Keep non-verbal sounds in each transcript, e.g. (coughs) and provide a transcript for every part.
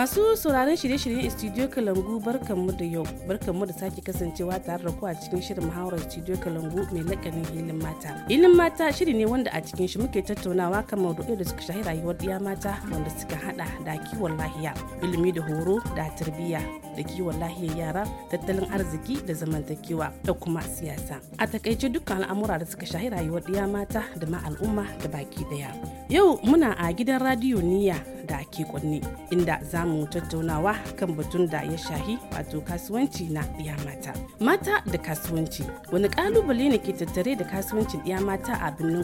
Masu sauraron shirye-shiryen Studio Kalangu barkanmu da yau, barkanmu da sake kasancewa tare da ku a cikin shirin muhawarar Studio Kalangu mai lakanin ilin mata. Ilin mata shiri ne wanda a cikin shi muke tattaunawa kan maudu'i da suka shahi rayuwar ɗiya mata wanda suka hada da kiwon lahiya, ilimi da horo da tarbiyya da kiwon lahiyar yara, tattalin arziki da zamantakewa da kuma siyasa. A takaice dukkan al'amura da suka shahi rayuwar ɗiya mata da ma al'umma da baki daya. Yau muna a gidan radiyo niya da ake kunne inda za samu tattaunawa kan batun da ya shahi wato kasuwanci na iya mata. Mata da kasuwanci wani kalubale ne ke tattare da kasuwancin ɗiya mata a birnin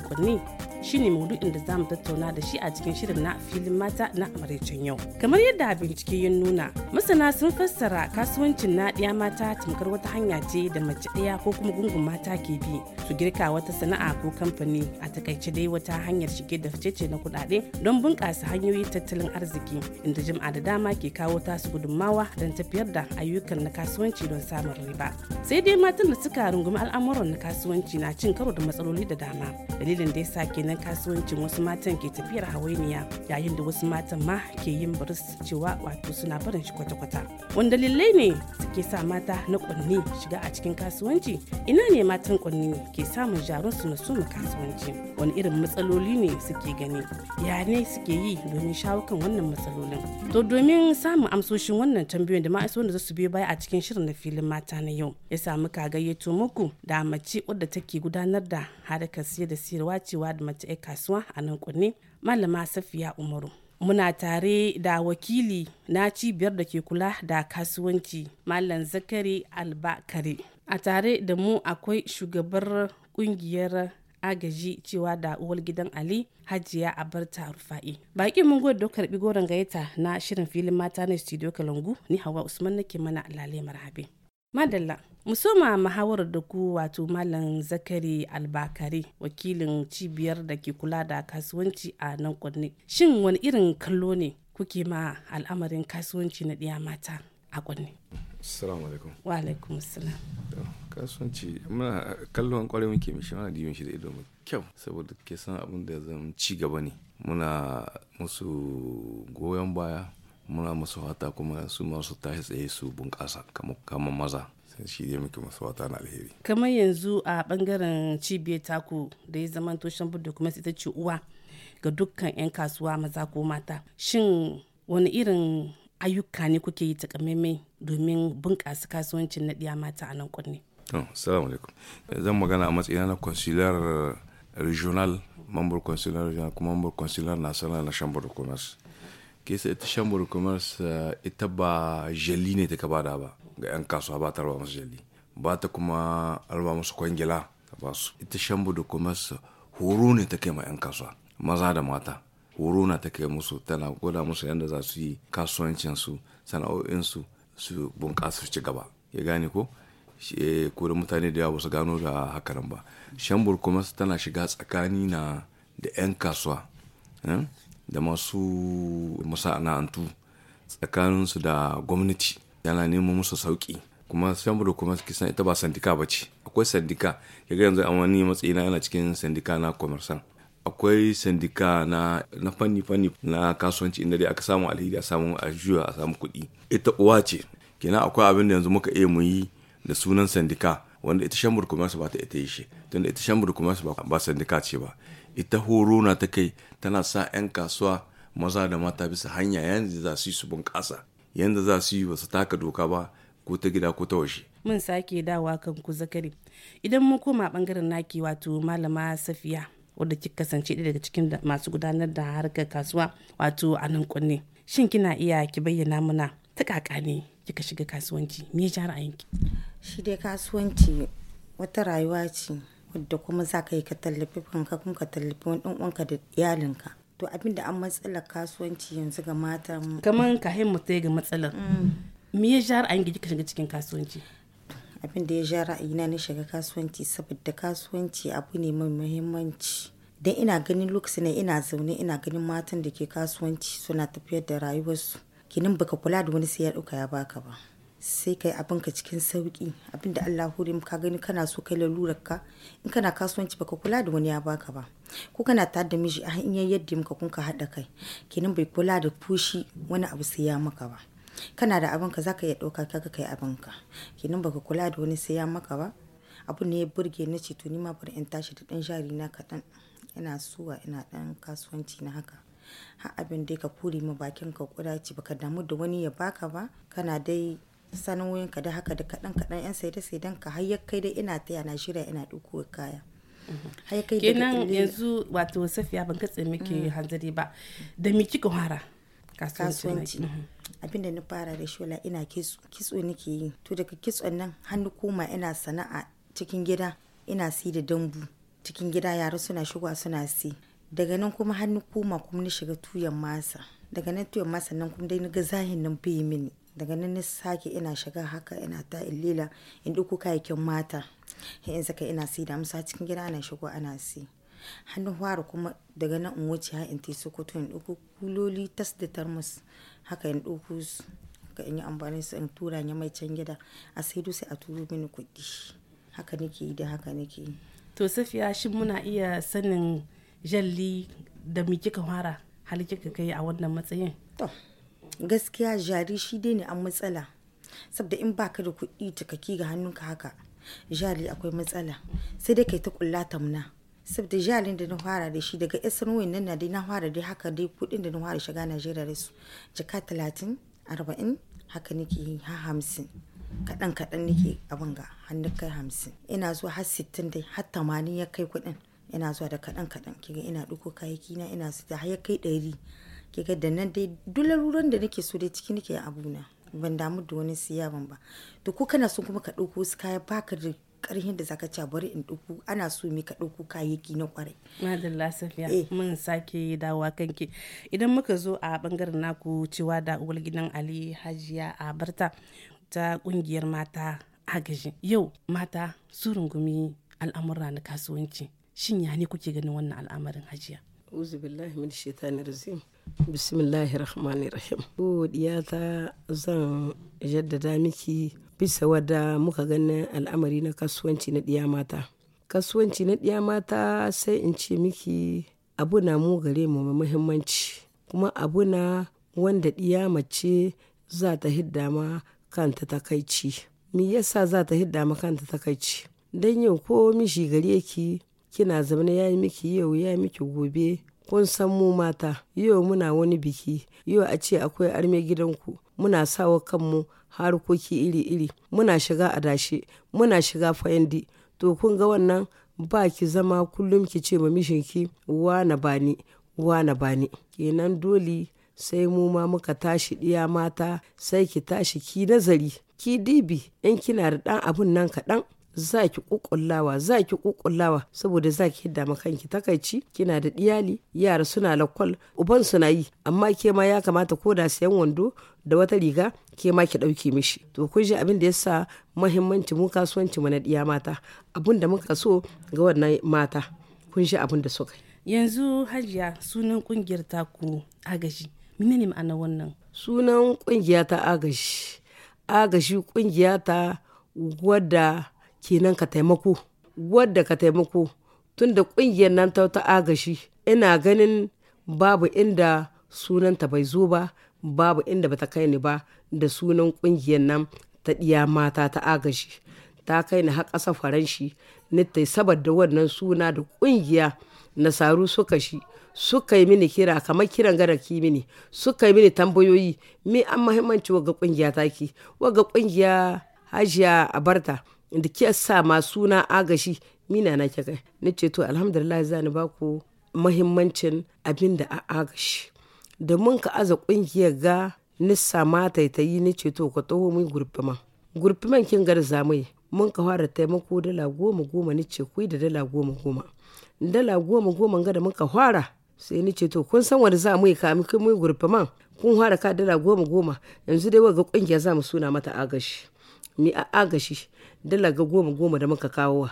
shi shine maudu'in da zamu tattauna da shi a cikin shirin na filin mata na maraicen yau. Kamar yadda bincike ya nuna masana sun fassara kasuwancin na ɗiya mata tamkar wata hanya ce da mace ɗaya ko kuma gungun mata ke bi su girka wata sana'a ko kamfani a takaice dai wata hanyar shige da fice na kuɗaɗe don bunƙasa hanyoyin tattalin arziki inda jama'a da dama ke kawo tasu gudunmawa don tafiyar da ayyukan na kasuwanci don samun riba sai dai matan da suka rungumi al'amuran na kasuwanci na cin karo da matsaloli da dama dalilin da ya yasa kenan kasuwancin wasu matan ke tafiyar hawainiya yayin da wasu matan ma ke yin baris cewa wato suna barin shi kwata-kwata wani dalilai ne suke sa mata na kunni shiga a cikin kasuwanci ina ne matan kunni ke samun jarun su na suma kasuwanci wani irin matsaloli ne suke gani ya ne suke yi domin shawo kan wannan matsalolin to domin samun amsoshin wannan tambayoyin da wanda za su biyo baya a cikin shirin na filin mata na yau ya samu ka gayyato muku da mace wadda take gudanar da harkar siyar da siyarwa cewa da mace 'yar kasuwa a nan kunne malama safiya umaru muna tare da wakili na cibiyar da ke kula da kasuwanci malam zakari albakare a tare da mu akwai shugabar kungiyar agaji cewa da uwar gidan ali hajiya abarta rufa'i baki mun gode da karbi goron gaita na shirin filin mata na studio kalangu ni hawa usman nake mana lale marhabe madalla musoma mahawar da ku wato malam zakari albakari wakilin cibiyar da ke kula da kasuwanci a nan kwanne shin wani irin kallo ne kuke ma al'amarin kasuwanci na ɗiya mata a kwanne assalamu alaikum wa alaikum assalam kasuwanci muna kallon kwarai muke mishi muna diyon shi da ido mai kyau saboda ke san abin da zan ci gaba ne muna musu goyon baya muna musu wata kuma su masu tashi tsaye su bunƙasa kamar maza shi dai muke masu wata na alheri kamar yanzu a bangaren cibiyar taku da ya zama toshen budu kuma ta ce uwa ga dukkan 'yan kasuwa maza ko mata shin wani irin ayyuka ne kuke yi takamaimai domin bunƙasa kasuwancin na mata a nan kunne Assalamu alaikum. Zan magana a matsayina na consular regional, mambar consular regional kuma mambar consular national na Chamber of Commerce. Kesa ita Chamber of Commerce eh, ita ba jali ne ta bada ba ga 'yan kasuwa ba ta raba musu jali. Ba ta kuma raba musu kwangila ba su. Ita Chamber of Commerce horo ne ta kai ma 'yan kasuwa maza da mata. Horo na ta kai musu tana gwada musu yadda za su yi kasuwancinsu sana'o'insu su bunƙasa su ci gaba. Ya gane ko? Eh, ko da mutane da yawa su gano da hakanan ba shambur kuma tana shiga tsakani na da 'yan kasuwa eh, da masu masana'antu tsakaninsu da gwamnati yana neman musu sauki kuma shambur kuma kisan ita ba sandika ba ce akwai sandika yaga yanzu an wani matsayi na yana cikin sandika na commercial akwai sandika na fanni fanni na kasuwanci inda dai aka samu alhidi a samu ajuya a samu kuɗi ita uwa ce kenan akwai abin da yanzu muka iya mu yi da sunan sandika wanda ita shan commerce ba ta ita yi shi tunda ita shan commerce ba sandika ce ba ita horo na ta kai tana sa 'yan kasuwa maza da mata bisa hanya yanzu za su yi su bunƙasa yanda za su yi ba su taka doka ba ko ta gida ko ta waje. Mun sake dawa kan ku zakari. Idan mun koma bangaren naki wato malama Safiya wadda kika kasance ɗaya daga cikin masu gudanar da harkar kasuwa wato a nan kunne. Shin kina iya ki bayyana mana ta ne? kika shiga kasuwanci me ya ra'ayinki shi dai kasuwanci wata rayuwa ce wadda kuma za ka yi ka tallafi kanka kuma ka tallafi wani uwanka da iyalinka to abin da an matsalar kasuwanci yanzu ga mata kamar ka hin mu ga matsalar mm. me ya ja ra'ayin kika shiga cikin kasuwanci abin da ya ja ra'ayina na shiga kasuwanci saboda kasuwanci abu ne mai muhimmanci dan ina ganin lokacin ina zaune ina ganin matan da ke kasuwanci suna tafiyar da rayuwarsu kinin baka kula da wani sai ya dauka ya baka ba sai kai abin ka cikin sauki abin da Allah hore ka gani kana so kai lalurar ka in kana kasuwanci baka kula da wani ya baka ba ko kana tare da miji a hanyar yadda muka kun ka haɗa kai kinin bai kula da fushi wani abu sai ya maka ba kana da abin ka zaka iya dauka kaga kai abin ka kinin baka kula da wani sai ya maka ba abu ne ya burge na ce to ni ma bari in tashi da dan jari na kaɗan ina suwa ina dan kasuwanci na haka har abin dai ka kuri ma bakin ka kuda ce baka damu da wani ya baka ba kana dai wuyan ka da haka da kaɗan kaɗan yan saida saidan ka har ya kai dai ina taya na shirya ina duku kaya. Mhm. Har kenan yanzu wato safiya ban katse miki mm. hanzari ba da me kika fara kasuwanci mhm. abinda na fara da shola ina kitso nake yi to daga kitson nan hannu koma ina sana'a cikin gida ina si da dambu cikin gida yara suna shigowa suna si daga nan kuma hannu koma kuma na shiga tuyan masa daga nan tuyan masa nan kuma dai naga zahin nan bai mini daga nan na sake ina shiga haka ina ta illila in ɗauko kayayyakin mata in saka ina sai da musa cikin gida ana shigo ana si hannun fara kuma daga nan in wuce ha in tai sokoto in ɗauko kuloli tas da tarmus haka in ɗauko su in yi amfani su in tura ni mai can gida a sai sai a turo mini kuɗi haka nake yi da haka nake yi to safiya shin muna iya sanin jalli da mi kika fara hali kika kai a wannan matsayin to gaskiya jari shi dai ne an matsala saboda in baka da kuɗi takaki ga hannunka haka jari akwai matsala sai dai kai ta kulla tamna saboda jarin da na fara da shi daga yasan wayan nan dai na fara dai haka dai kuɗin da na fara shiga najeriya da su jaka talatin arba'in haka nake yi ha hamsin kaɗan kaɗan nake abin ga hannun kai hamsin ina zuwa har sittin dai har tamanin ya kai kuɗin ina zuwa da kaɗan kaɗan kiga ina ɗuko kayaki na ina su da haya kai ɗari kiga da nan dai dularuran da nake so dai ciki nake abuna ban damu da wani siya ban ba to ko kana so kuma ka ɗauko su kaya baka da karhin da zaka ci bari in duku ana so mi ka duku kayaki na kwarai madalla safiya eh. mun sake dawowa kanki idan muka zo a bangaren naku cewa da uwar gidan ali hajiya a barta ta kungiyar mata agaji yau mata su rungumi al'amura na kasuwanci shin ya ne kuke ganin wannan al'amarin hajiya uzu billahi min shaitani rajim bismillahir rahmanir rahim zan jaddada miki bisa wadda muka ganin al'amari na kasuwanci na ɗiya mata kasuwanci na ɗiya mata sai in ce miki abu na mu gare mu mai muhimmanci kuma abu na wanda ɗiya mace za ta hidda ma kanta takaici me yasa za ta hidda ma kanta takaici dan yau ko mishi gare ki kina zaune ya yi miki yau ya yi miki gobe kun san mu mata yau muna wani biki yau a ce akwai arme gidanku muna sawa kanmu harkoki iri-iri muna shiga adashi. muna shiga fayandi to kun ga wannan ba ki zama kullum ki ce ma mishinki wana bani wana bani kenan dole sai mu ma muka tashi ɗiya mata sai ki tashi ki nazari ki dibi in kina da ɗan abun nan kaɗan za ki kukullawa za ki kukullawa saboda za ki hidda kanki takaici kina da iyali yara suna lakwal uban suna yi amma ke ma ya kamata ko da sayan wando da wata riga ke ma ki ɗauki mishi to kun ji abin da ya sa muhimmanci mu kasuwanci mu na ɗiya mata abin da muka so ga wannan mata kun ji abin da suka yanzu hajiya sunan kungiyar ku agaji menene ma'ana wannan sunan kungiya ta agaji agaji kungiya ta wadda kenan ka taimako wadda ka taimako tunda ƙungiyar nan ta ta agashi ina ganin babu inda sunanta bai zo ba babu inda bata kai ni ba da sunan ƙungiyar nan ta ɗiya mata ta agashi ta kai ni har ƙasa faranshi sabar saboda wannan suna da ƙungiya nasaru suka shi suka yi mini kira kamar kiran garaki mini suka yi mini tambayoyi me an mahimmanci waga ƙungiya taki waga ƙungiya hajiya a barta da ke sa ma suna agashi mina na kika ni ce to alhamdulillah za ni baku mahimmancin abin da a agashi da mun ka aza kungiyar ga nissa ma taitayi ni ce to ka taho mun gurfima gurfiman kin gar zamai mun ka fara taimako dala goma goma ni ce kuyi da dala goma goma dala goma goma ga da mun ka fara sai ni ce to kun san wani za mu yi kami kun mu gurfiman kun fara ka dala goma goma yanzu dai ga kungiya za mu suna mata agashi ni a agashi dala ga goma goma da muka kawo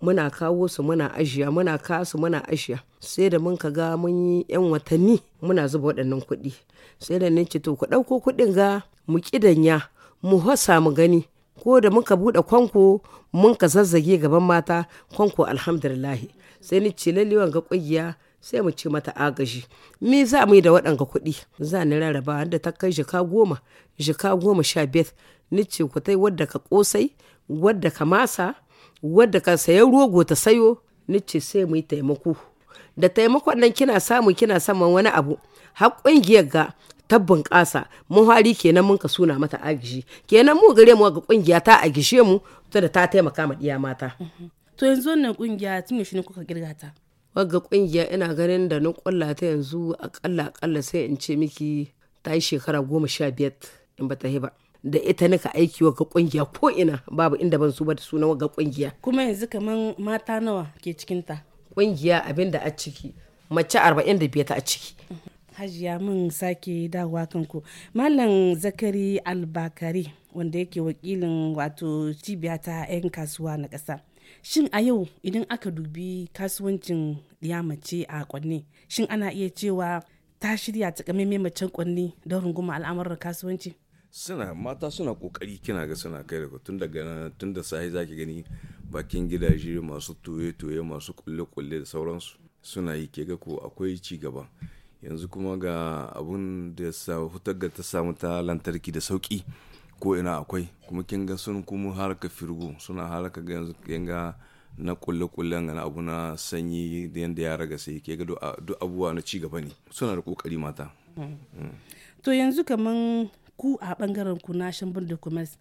muna kawo su muna ajiya muna kasu muna ajiya sai da mun ka ga mun yi yan watanni muna zuba waɗannan kuɗi sai da nan ce to ku ɗauko kuɗin ga mu kidanya mu hasa mu gani ko da muka buɗe kwanko mun ka zazzage gaban mata kwanko alhamdulillahi sai ni ce lalliwan ga ƙungiya sai mu ce mata agaji me za mu yi da waɗanga kuɗi za ni rarraba da ta kai jika goma jika goma sha biyar ni ce ku tai wadda ka ƙosai wadda ka masa wadda ka sayo rogo ta sayo ni ce sai mu yi taimako da taimakon nan kina samu kina saman wani abu har kungiyar ga ta bunƙasa mun hari kenan mun ka suna mata agishi kenan mu gare mu ga kungiya ta agishe mu ta da ta taimaka ma iya mata mhm. to yanzu wannan kungiya tun yaushe ne kuka girga ta wagga kungiya ina ganin da na kulla ta yanzu akalla akalla sai in ce miki ta yi shekara goma sha biyar in ba ta ba da ita nika aiki wa ga kungiya ko ina babu inda ban su ba da sunan ga kungiya kuma yanzu kaman mata nawa ke cikin ta kungiya abin da a ciki mace 45 a ciki hajiya mun sake dawowa kanku mallam zakari albakari wanda yake wakilin wato cibiya ta 'yan kasuwa na ƙasa shin a yau idan aka dubi kasuwancin mace a kwanne shin ana iya cewa ta shirya takamaimai macen kwanne don runguma al'amuran kasuwanci suna mata suna kokari kina ga suna kai daga tun daga tun da sai zaki gani bakin gidaje masu toye-toye masu kulle-kulle da sauransu suna yi ke ga ko akwai ci gaba yanzu kuma ga abun da ya hutar ta samu ta lantarki da sauki ko ina akwai kuma kin ga sun kuma haraka firgo suna ka ga yanzu ga na kulle-kullen na abu na sanyi da yadda ya raga sai ke ga duk abubuwa na ci gaba ne suna da kokari mata mm. Mm. to yanzu kaman ku a bangaren ku na shambin da commerce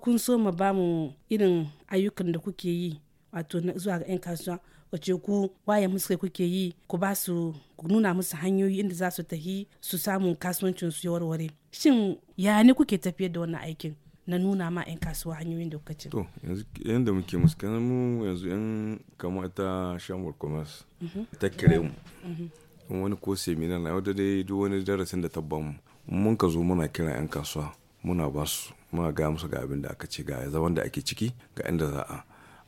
kun so ma ba mu irin ayyukan da kuke yi wato zuwa ga 'yan kasuwa wace ku waye musu kuke yi ku ba su nuna musu hanyoyi inda za su tafi su samu kasuwancin su warware shin ya ne kuke tafiyar da wannan aikin na nuna ma 'yan kasuwa hanyoyin da kuka ci to yanzu muke muskanin mu yanzu 'yan kamata shambar commerce mhm. ta kire mu mhm. wani ko seminar na da dai duk wani darasin da ta bamu mun ka zo muna kira 'yan kasuwa muna ba su muna gaya musu ga abin da aka ce ga zaman da ake ciki ga inda za a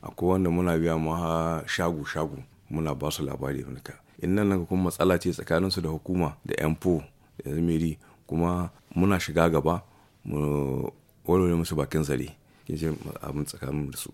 akwai wanda muna biya mu ha shagu shagu muna ba su labari ka in nan kuma matsala ce tsakanin su da hukuma da yan po da zamiri kuma muna shiga gaba mu warware musu bakin zare kin ce abin tsakanin su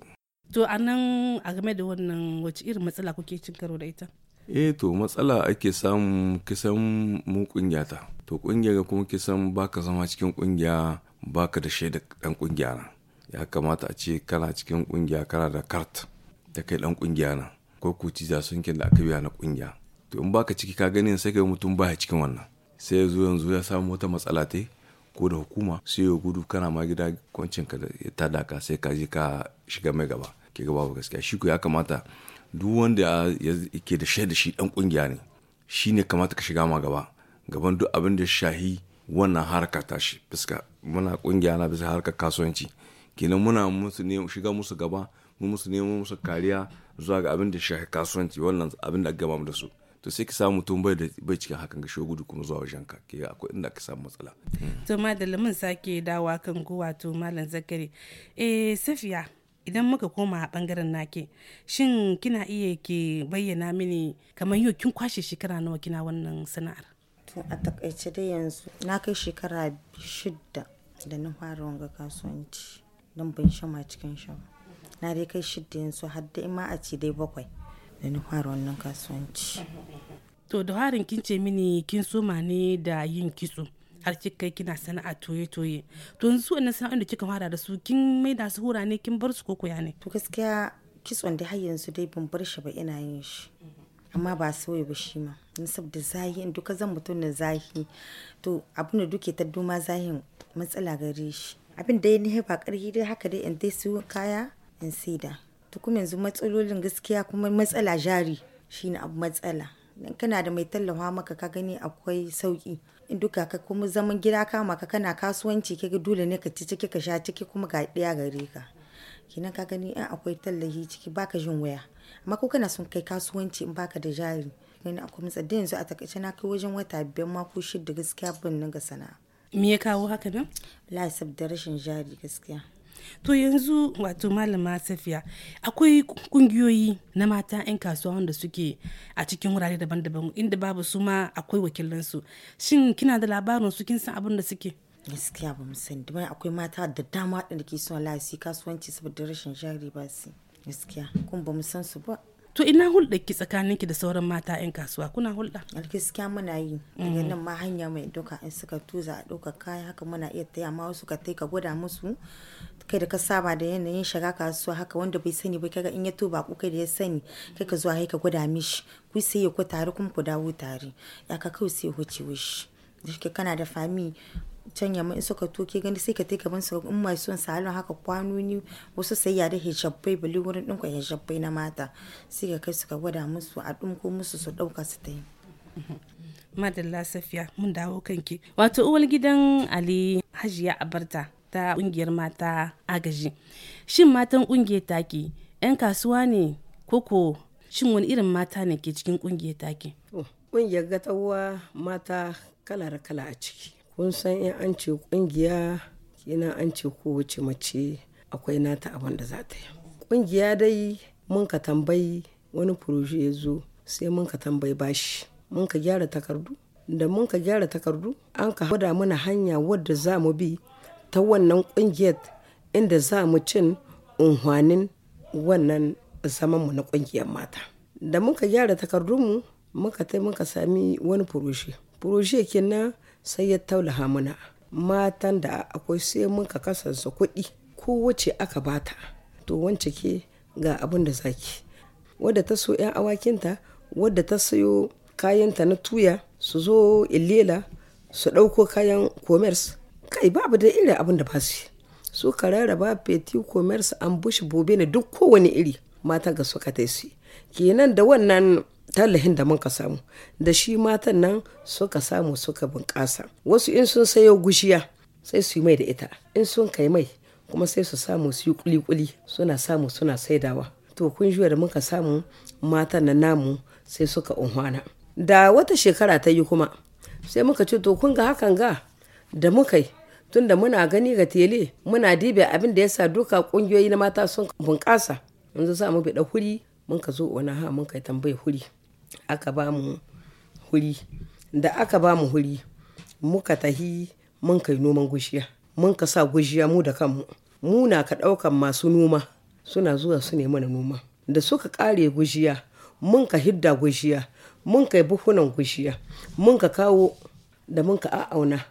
to anan a game da wannan wace irin matsala kuke cin karo da ita eh to matsala ake samu kisan mu kungiya ta to kungiya kuma kisan baka zama cikin kungiya baka da shaida dan kungiya na ya kamata a ce kana cikin kungiya kana da kart da kai dan kungiya na ko ku ci zasunkin da aka biya na kungiya to in baka ciki ka gani sai kai mutum baya cikin wannan sai yazo yanzu ya samu wata matsala ta ko da hukuma sai ya gudu kana ma gida kwancin ka ta daka ka sai ka je ka shiga mai gaba ke gaba ba gaskiya shi ku ya kamata duk wanda yake da shaida shi dan kungiya ne shi ne kamata ka shiga ma gaba gaban duk abin da shahi wannan harka shi fuska muna kungiya na bisa harkar kasuwanci kenan muna musu ne shiga musu gaba mu musu nemo musu kariya zuwa ga abin da shahi kasuwanci wannan abin da gaba mu da su to sai ka samu mutum bai bai cikin hakan ga gudu kuma zuwa wajen ka ke akwai inda ka samu matsala to madalla mun sake dawa kan go wato malam zakari eh safiya idan muka koma a bangaren nake shin kina iya ke bayyana mini kamar yau kin kwashe shekara nawa kina wannan sana'ar to a takaice dai yanzu na kai shekara shidda da na fara wanga kasuwanci don ban shama cikin shama na dai kai shidda yanzu har da ima a ce dai bakwai da na fara wannan kasuwanci to da harin kin ce mini kin soma ne da yin kitso har kika kai kina sana'a toye toye to yanzu wannan sana'ar da kika fara da su kin mai da su hura ne kin bar su koko ya ne to gaskiya kitson da har yanzu dai ban bar shi ba ina yin shi amma ba sauyi ba shi ma don saboda zahi in duka zan mutum na zahi to abin da duke ta duma zahin matsala gare shi abin da ya ba karhi dai haka dai in dai su kaya in saida to kuma yanzu matsalolin gaskiya kuma matsala jari shine abu matsala kana da mai tallafa maka ka gani akwai sauki duka ka kuma zaman gida kama ka kana kasuwanci ka dole ne ka ci ciki ka sha ciki kuma ga ɗaya gare ka kinan ka gani in akwai tallafi ciki baka jin waya amma ko kana son kai kasuwanci in baka da jari gani akwai yanzu a takaice na kai wajen wata biyan mako shida gaskiya ban ga sana'a me ya kawo haka nan la rashin jari gaskiya to yanzu wato malama safiya akwai kungiyoyi na mata 'yan kasuwa wanda suke a cikin wurare daban-daban inda babu su ma akwai wakilansu shin kina da labarin su kin san abin da suke gaskiya ba san dama akwai mata da dama da ke son lasi kasuwanci saboda rashin jari ba su gaskiya kuma ba san su ba to ina hulɗa ki tsakanin ki da sauran mata 'yan kasuwa kuna hulɗa gaskiya muna yi daga nan ma hanya mai doka in suka tuza a ɗaukar kaya haka muna iya taya ma wasu ka tai ka gwada musu kai da ka saba da yanayin shiga kasuwa haka wanda bai sani ba kaga in ya tuba ku kai da ya sani kai ka zuwa kai ka gwada mishi ku sai ku tare kuma ku dawo tare ya ka kawai sai huce wishi da kana da fami can yamma in suka to gani sai ka take gaban su in mai son halin haka kwanoni wasu sai ya da hijabbai bali wurin dinka hijabbai na mata sai ka kai suka gwada musu a dinko musu su dauka su ta yi madalla safiya mun dawo kanki wato uwal gidan ali hajiya abarta ta kungiyar mata agaji shin matan kungiyar taki yan kasuwa ne koko shin wani irin mata ne ke cikin kungiyar taki kungiyar oh, gatawa mata da kala a ciki kun san in an ce kungiya kenan an ce kowace mace akwai nata abin da za ta yi kungiya dai mun ka tambayi wani furoshi ya zo sai mun ka tambayi bashi mun ka gyara takardu da mun ka gyara takardu an ka hada mana hanya wadda za mu bi ta wannan kungiyar inda za mu cin unhwanin wannan zaman mu na kungiyar mata da mun ka gyara takardunmu muka tai muka sami wani furoshe furoshe kenan sai ya taulaha muna matan da akwai sai mun ka kasansa kuɗi ko wuce aka bata to wance ke ga abin da zaki wadda ta so 'yan awakinta wadda ta sayo kayanta na tuya su zo illela su ɗauko kayan commerce kai babu da irin abin da ba su su ka rarraba peti commerce an bushi bobe ne duk kowane iri mata ga suka ta su kenan da wannan tallahin da muka samu da shi matan nan suka samu suka bunƙasa wasu in sun sayo gushiya sai su yi mai da ita in sun kai mai kuma sai su samu su yi kuli suna samu suna saidawa to kun da muka samu matan na namu sai suka unhwana da wata shekara ta yi kuma sai muka ce to kun ga hakan ga da muka yi tunda muna gani ga tele muna dibe abin da yasa duka kungiyoyi na mata sun bunƙasa yanzu za mu bi da huri mun ka zo wani ha mun kai tambayi huri aka ba mu huri da aka ba mu huri muka tahi mun kai noman gushiya mun ka sa gushiya mu da kanmu mu na ka ɗaukan masu noma suna zuwa su nemi na noma da suka ƙare gushiya mun ka hidda gushiya mun kai buhunan gushiya mun ka kawo da mun ka a'auna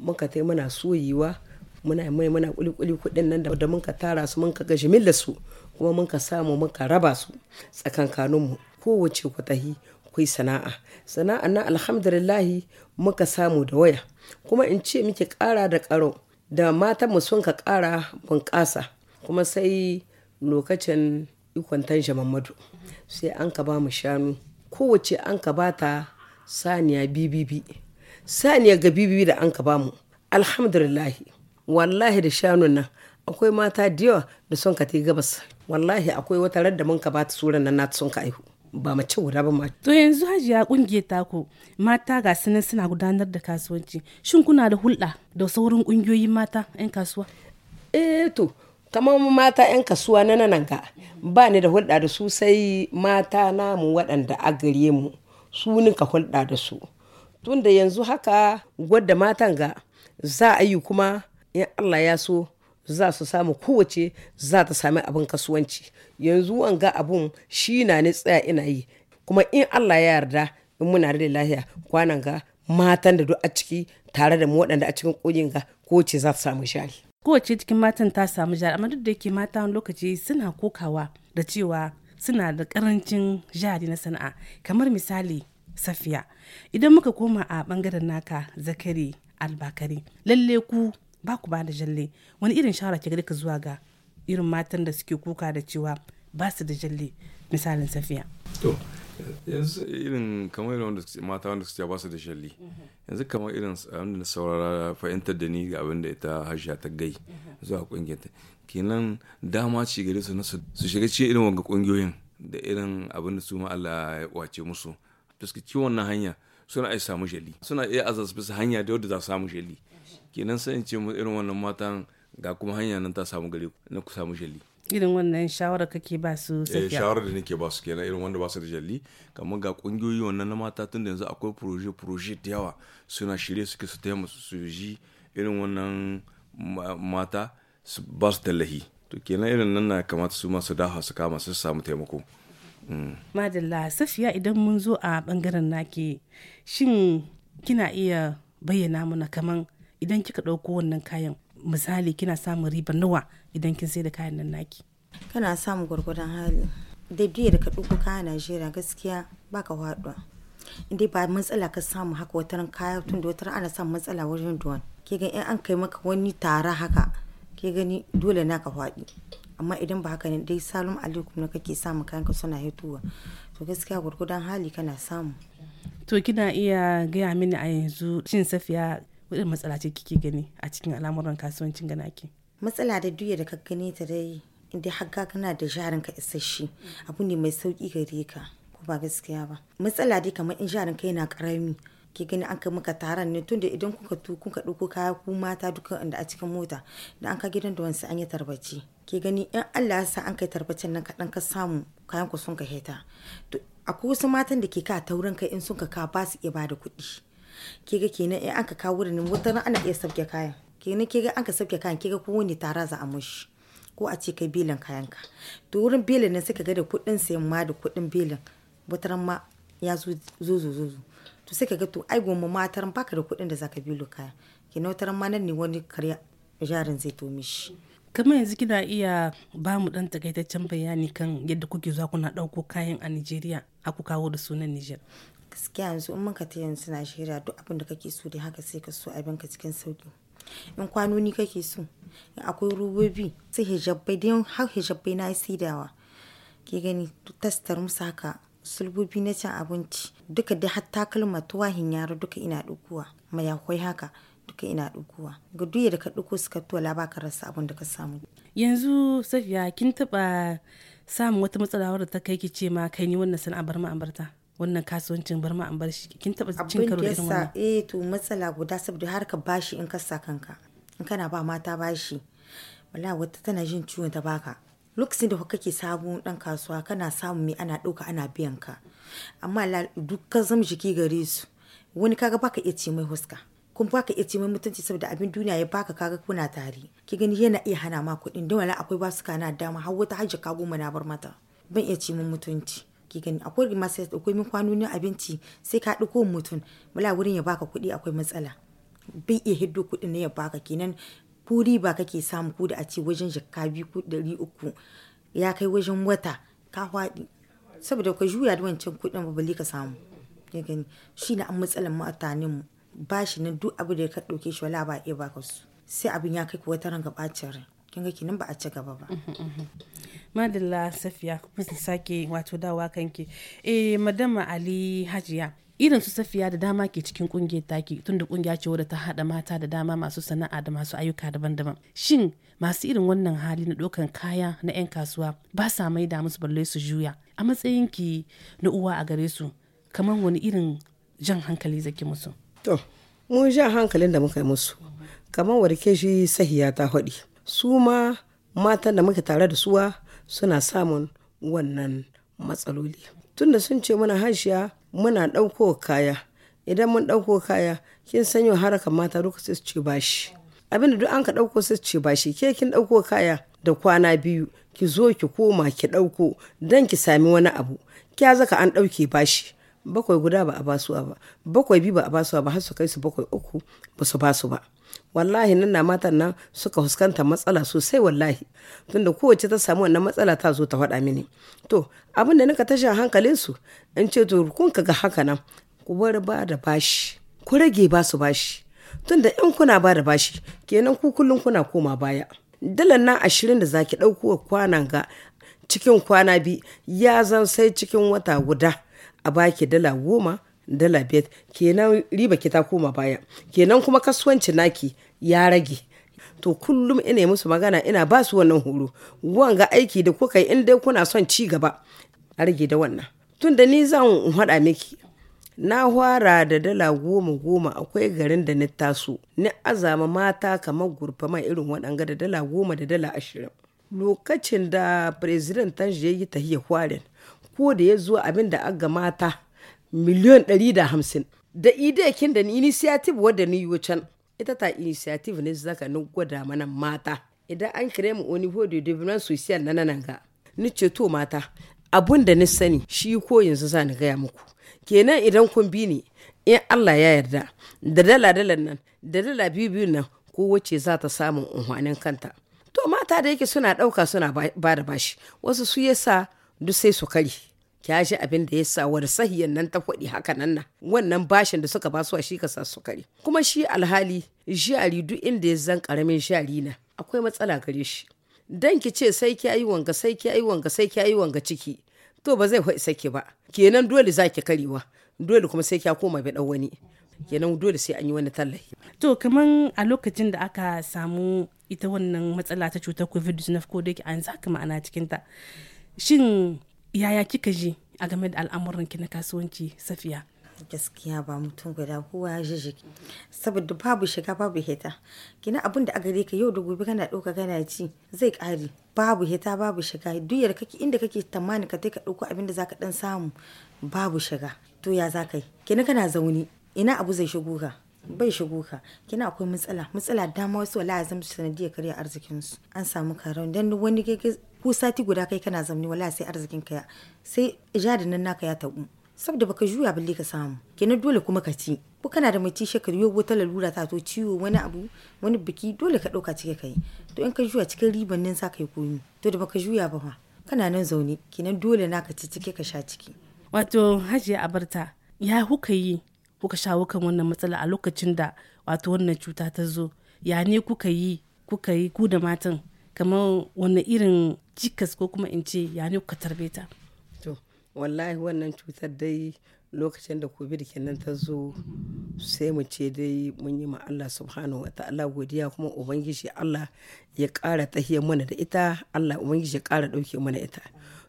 mun ka tai muna soyewa muna mai muna kulikuli kudin nan da mun ka tara su mun ka ga jimillar su kuma mun ka samu mun ka raba su tsakankaninmu kowace kwatahi kai sana'a sana'a na alhamdulillahi muka samu da waya kuma in ce muke ƙara da karo da matan mu sun ka ƙara bunƙasa kuma sai lokacin ikon tanja mamadu sai an ka ba mu shanu kowace an ka ba ta saniya bibibi saniya ga bibibi da an ka ba mu alhamdulillahi wallahi da shanun nan akwai mata da yawa da sun ka ta gabas wallahi akwai wata da mun ka ba ta suran nan na sun ka aihu ba mace guda ba ma. To yanzu hajiya kungiyar ko mata ga su suna gudanar da kasuwanci. Shin kuna da hulɗa da sauran kungiyoyin mata 'yan kasuwa? Eh to kamar mata 'yan kasuwa na nan ga ba ni da hulɗa da su sai mata namu waɗanda a gare mu su ka hulɗa da su. Tunda yanzu haka gwada matan ga za a yi kuma in Allah ya so za su samu kowace za ta sami abin kasuwanci yanzu wanga abun shi na ni tsaya ina yi kuma in allah ya yarda in muna da lahiya kwanan ga matan da duk a ciki tare da mu waɗanda a cikin ƙungin ga kowace za ta samu shari kowace cikin matan ta samu jari amma duk da yake mata wani lokaci suna kokawa da cewa suna da karancin jari na sana'a kamar misali safiya idan muka koma a bangaren naka zakari albakari lalle ku ba ku ba da jalle wani irin shara ke gari ka zuwa ga irin matan da suke kuka da cewa ba su da jalle misalin safiya to yanzu irin kamar irin mata wanda suke ba su da jalle yanzu kamar irin wanda na saurara fahimtar da ni ga abin da ita hajiya ta gai zuwa kungiyar ta kenan dama ce gare su na su shiga cikin irin wanga kungiyoyin da irin abin da su ma Allah ya wace musu fuskaci wannan hanya suna iya samu jali suna iya azaz bisa hanya da wadda za su samu jali kenan sai in ce mu irin wannan matan ga kuma hanya nan ta samu gare na ku samu jalli irin wannan shawara kake ba su eh, safiya eh shawara da nake ba su kenan irin wanda ba su da jalli kamar ga kungiyoyi wannan na mata tun da yanzu akwai proje proje da yawa suna shirye suke su taya musu su ji irin wannan mata su ba su tallahi to kenan irin nan na kamata su masu daha su kama su samu taimako mm. madalla safiya idan mun zo a bangaren nake shin kina iya bayyana mana kaman idan kika ɗauko wannan kayan misali kina samun riba nawa idan kin sai da kayan nan naki kana samun gwargwadon hali da biyu da ka ɗauko kayan najeriya gaskiya baka faɗuwa inda ba matsala ka samu haka wata kaya tun da wata ana samun matsala wajen duwan ke gani in an kai maka wani tara haka ke gani dole na ka faɗi amma idan ba haka ne dai salum alaikum na kake samun kayan ka suna hituwa to gaskiya gwargwadon hali kana samu to kina iya gaya mini a yanzu cin safiya wadda matsala ce kike gani a cikin al'amuran kasuwancin gana ke matsala da duya da ka gani ta dai inda haka kana da jarin ka isasshe abu ne mai sauki gare ka ko ba gaskiya ba matsala dai kamar in jarin ka yana karami ke gani an kai maka taron ne tunda idan kuka tu kuka ɗauko kaya ku mata duka inda a cikin mota da an ka gidan da wansu an yi tarbace ke gani in Allah ya sa an kai tarbacen nan kaɗan ka samu kayan ku sun ka heta to akwai wasu matan da ke ka taurin kai in sun ka ka ba su iya ba da kuɗi kiga kenan eh, in aka kawo wurin wata ana iya sabke kayan kenan kiga an ka sabke kayan kiga ko wani tara za a mushi ko a ce kai bilin kayanka to wurin bilin nan suka ga da kuɗin sayan ma da kuɗin bilin wata ran ma ya zo zo zo to sai ka ga to ai goma matar baka da kuɗin da zaka bilo kaya kenan wata ran ma nan ne wani karya jarin zai to mishi kamar yanzu kina iya ba mu dan takaitaccen bayani kan yadda kuke zuwa kuna ɗauko kayan a Nigeria aku kawo da sunan Niger gaskiya yanzu in muka ta yanzu na shirya duk abin da kake so dai haka sai ka so abin ka cikin sauki in kwanoni kake so in akwai robobi sai hijabbai dai har hijabbai na saidawa ke gani tastar musu haka sulbobi na cin abinci duka dai har takalma tuwahin yaro duka ina dukuwa akwai haka duka ina dukuwa ga duya da ka duko suka tuwala ba ka rasa abin da ka samu yanzu safiya kin taba samun wata matsala da ta kai ki ce ma kai ni wannan sana'a bar ma wannan kasuwancin bar ma an bar shi kin taba cin karo irin wannan eh to matsala guda saboda har ka bashi in ka sa kanka in kana ba mata bashi wala wata tana jin ciwon ta baka lokacin da kake sabon dan kasuwa kana samu mai ana dauka ana biyan ka amma dukkan zam jiki gare su wani kaga baka iya ce mai huska kun baka iya ce mai mutunci saboda abin duniya ya baka kaga kuna tare ki gani yana iya hana ma kuɗin dan wala akwai basu kana dama har wata hajji ka goma na bar mata ban iya ce mai mutunci ki gani akwai rigima sai akwai min kwanonin abinci sai ka ɗauko mutum bala wurin ya baka kuɗi akwai matsala bai iya hiddo kuɗi ne ya baka kenan kuri ba kake samu ku da a ce wajen jakka biyu ɗari uku ya kai wajen wata ka faɗi saboda ka juya da wancan kuɗin ba bali ka samu ya gani shi na an matsalan mutanen mu bashi nan duk abu da ka ɗauke shi wala ba iya baka su sai abin ya kai ku wata ran gaɓacin rai kin ga kinin ba a ci gaba ba madalla safiya sake wato dawa kanki eh madama ali hajiya irin su safiya da dama ke cikin kungiyar taki tunda kungiya ce wadda ta hada mata da dama masu sana'a da masu ayyuka daban-daban shin masu irin wannan hali na dokan kaya na 'yan kasuwa ba sa mai da musu balle su juya a matsayin ki na uwa a gare su kamar wani irin jan hankali zaki musu to mun jan hankalin da muka yi musu kamar warke shi sahiya ta haɗi su ma matan da muke tare da suwa suna samun wannan matsaloli tun da sun ce muna hashiya muna ɗauko kaya idan mun ɗauko kaya kin san yau haraka mata duka sai su ce bashi abinda duk an ka ɗauko sai su ce bashi ke kin ɗauko kaya da kwana biyu ki zo ki koma ki ɗauko don ki sami wani abu kya zaka an ɗauke bashi bakwai guda ba a basuwa ba bakwai biyu ba a basuwa ba har su kai su bakwai uku ba su basu ba wallahi nan na matan nan suka fuskanta matsala sosai wallahi tunda kowace ta samu wannan matsala ta zo ta faɗa mini to abin da nika tashin hankalin su in ce to kun ka ga haka nan ku bar ba da bashi ku rage ba su bashi tunda in kuna ba da bashi kenan ku kullum kuna koma baya dalan nan ashirin da zaki ɗauko kwana ga cikin kwana bi ya zan sai cikin wata guda a baki dala goma dala biyar kenan riba kita ta koma baya kenan kuma kasuwanci naki ya rage to kullum ina musu magana ina ba su wannan horo wanga aiki da kuka yi in dai kuna son ci gaba a rage da wannan tun da ni zan haɗa miki na hwara da dala goma goma akwai garin da ni taso ni azama mata kamar gurfa mai irin waɗanga da dala goma da dala ashirin lokacin da president tanji ya yi tahiyar kwarin ko da ya zo abin da aga mata miliyon ɗari da idekin da ni initiative wadda ni yi can ita ta initiative ne zaka ni gwada mana mata idan an kira mu oni ho de development social na nan ga ni ceto mata abun da ni sani shi ko yanzu za ni gaya muku kenan idan kun bi ni in Allah ya yarda da dala dalan nan da dala biyu biyu nan ko wacce za ta samu unhwanin kanta to mata da yake suna ɗauka suna ba da bashi wasu su yasa duk sai su kari kya shi abin da ya sa sahiyan nan ta faɗi haka nan na wannan bashin da suka basuwa shi ka sa su kare kuma shi alhali shari duk inda ya zan karamin shari na akwai matsala gare shi dan ki ce sai ki yi wanga sai ki yi wanga sai ki yi wanga ciki to ba zai isa ki ba kenan dole zaki karewa dole kuma sai kya koma bi dan wani kenan dole sai an yi wani tallafi to kaman a lokacin da aka samu ita wannan matsala ta cutar covid-19 ko da yake an zaka ma'ana cikinta shin yaya kika ji a game da al'amuran ki na kasuwanci safiya gaskiya ba mutum guda kowa ya saboda babu shiga babu hita kina abin da a ka yau da gobe kana ɗauka kana ci zai ƙare babu hita babu shiga duyar kake inda kake tamani ka ka ɗauko abin da zaka ɗan samu babu shiga to ya za ka yi kina kana zaune ina abu zai shigo ka bai shigo ka kina akwai matsala matsala dama wasu wala zama sanadiyar karya arzikinsu an samu karon dan wani ko sati guda kai kana zaune wala sai arzikin ka sai jarin nan naka ya tabu saboda baka juya balle ka samu kenan dole kuma ka ci ko kana da mai ci shekaru yau wata lalura ta to ciwo wani abu wani biki dole ka dauka cike kai to in ka juya cikin riban nan sa kai komi to da baka juya ba ma kana nan zaune kenan dole naka ci cike ka sha ciki wato hajiya abarta ya kuka yi kuka shawo kan wannan matsala a lokacin da wato wannan cuta ta zo ya ne kuka yi kuka yi ku da matan kamar wani irin jikas ko kuma in ce ya ne ka tarbe ta to wallahi wannan cutar dai lokacin da covid kenan ta zo sai mu ce dai mun yi ma Allah subhanahu wa ta'ala godiya kuma ubangiji Allah ya ƙara tahiyar mana da ita Allah ubangiji ya ƙara ɗauke mana ita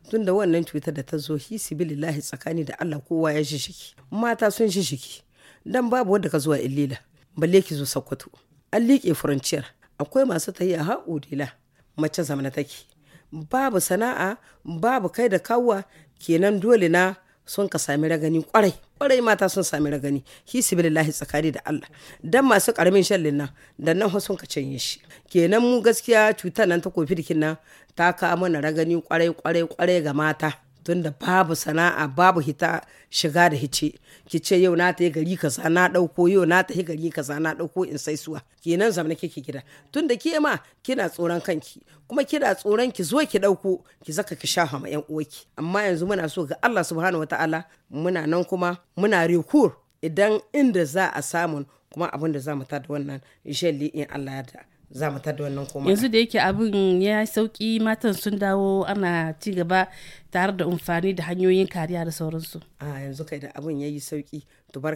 tunda da wannan cutar da ta zo hi sibilillahi tsakani da Allah kowa ya shishiki mata sun shishiki dan babu wanda ka zuwa illila balle ki zo sakkwato an liƙe furanciyar akwai masu tahiya ha'udila mace zamana take babu sana'a babu kai da kawwa kenan dole na sun ka sami ragani kwarai kwarai mata sun sami ragani hi lahi tsakani da Allah dan masu karamin shallin nan da nan sun ka canye shi kenan mu gaskiya cutar nan ta kofi dikin nan ta kawo mana ragani kwarai kwarai kwarai ga mata tunda babu sana'a babu hita shiga da hice ki ce yau na ta yi gari kaza na dauko yau na ta yi gari kaza na ɗauko in sai suwa kenan zamana kike gida tunda ke ma kina tsoron kanki kuma kina tsoron ki zo ki ɗauko ki zaka ki shafa ma yan uwaki amma yanzu muna so ga Allah subhanahu wataala muna nan kuma muna rekur idan inda za a samun kuma abin da za mu da wannan inshallah in Allah ya da za mu tada wannan koma yanzu da yake abin ya sauki matan sun dawo ana ci gaba tare da amfani da hanyoyin kariya da sauransu a yanzu kai da abin ya yi sauki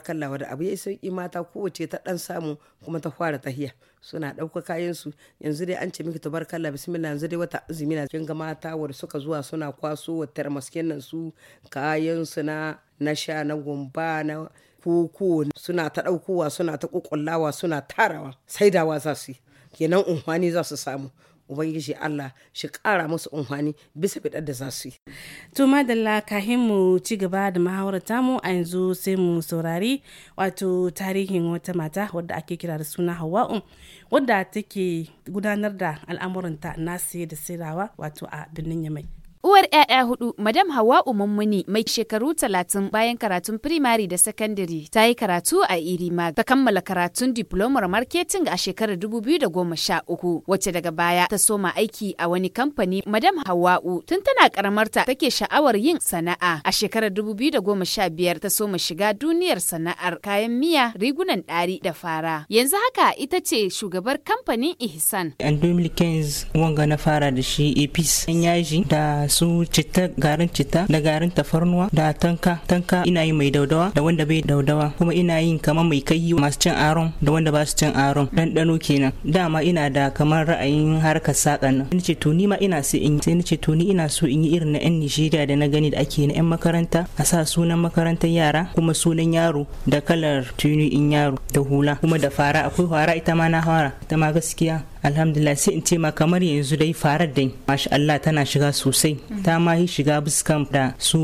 kallawa da abu ya yi sauki mata kowace ta dan samu kuma ta fara tahiya suna ɗauka kayan su yanzu dai an ce miki kalla bismillah yanzu dai wata azumi na kin ga mata wanda suka zuwa suna kwaso wa maskinan su kayan su na na na gumba na koko suna ta ɗaukowa suna ta ƙuƙullawa suna tarawa sai da za su yi kenan unhwani za su samu ubangiji Allah shi kara musu unhwani bisa fitar da za su yi. To madalla kahin mu ci gaba da muhawarar tamu a yanzu sai mu saurari wato tarihin wata mata wadda ake kira da suna Hawa'u wadda take gudanar da al'amuranta na siye da sayarwa wato a birnin Yamai. Uwar 'ya'ya hudu, Madam Hawa'u Mummuni mai shekaru talatin bayan karatun firimari da sakandare ta yi karatu a Irima ta kammala karatun diplomar marketing a shekarar 2013 wacce daga baya ta soma aiki a wani kamfani Madam Hawa'u tun tana karamarta take sha'awar yin sana'a a shekarar 2015 ta soma shiga duniyar sana'ar kayan miya rigunan ɗari da fara. Yanzu haka ita ce shugabar kamfanin Ihsan. 2015 wanga na fara da shi yaji da da su citta garin citta da garin tafarnuwa da tanka tanka ina yi mai daudawa da wanda bai daudawa kuma ina yin kamar mai kai masu cin aron da wanda ba su cin aron ɗanɗano kenan dama ina da kamar ra'ayin harkar saƙan nan ni ce to ni ma ina so in sai ni to ni ina so in yi irin na 'yan Nijeriya da na gani da ake na 'yan makaranta a sa sunan makarantar yara kuma sunan yaro da kalar tuni in yaro da hula kuma da fara akwai fara ita ma na fara ita ma gaskiya alhamdulillah sai in ce ma kamar yanzu dai farar dai mashi Allah tana shiga sosai ta ma yi shiga buskan da su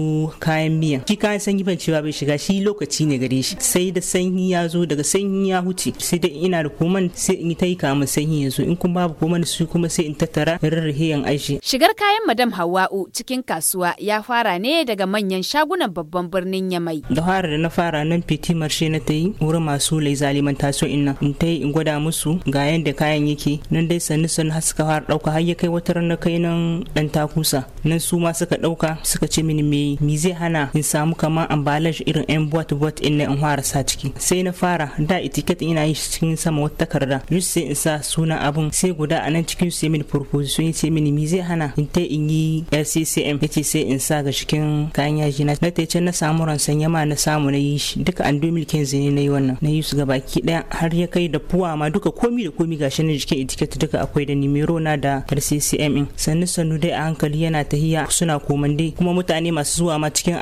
kayan miya shi kayan sanyi ban cewa bai shiga shi lokaci ne gare shi sai da sanyi ya zo daga sanyi ya huce sai da ina da koman sai in ta yi kama sanyi yanzu in kun babu koman su kuma sai in tattara rarrahe yan aishi shigar kayan madam hawa'u cikin kasuwa ya fara ne daga manyan shagunan babban birnin Yamai da fara da na fara nan fiti marshe na ta yi wurin masu lai zaliman taso inna in ta yi in gwada musu ga yanda kayan yake nan dai sannu sannu har suka fara ɗauka har ya kai wata ranar kai nan dan takusa nan su ma suka ɗauka suka ce mini me mi zai hana in samu kamar ambalaj irin yan buwat buwat in na in fara sa ciki sai na fara da etiket ina yi cikin sama wata takarda yusu sai in sa sunan abun sai guda a nan cikin su mini proposition ya ce mini mi zai hana in ta in yi lccm ya ce sai in sa ga cikin kayan yaji na na ta na samu ransan yama na samu na yi shi duka an 2015 ne na yi wannan na yi su baki daya har ya kai da puwa ma duka komi da komi gashi na jikin tiket duka akwai da nimero na da rccm in sannu sannu dai a hankali yana tahiya suna komande kuma mutane masu zuwa ma cikin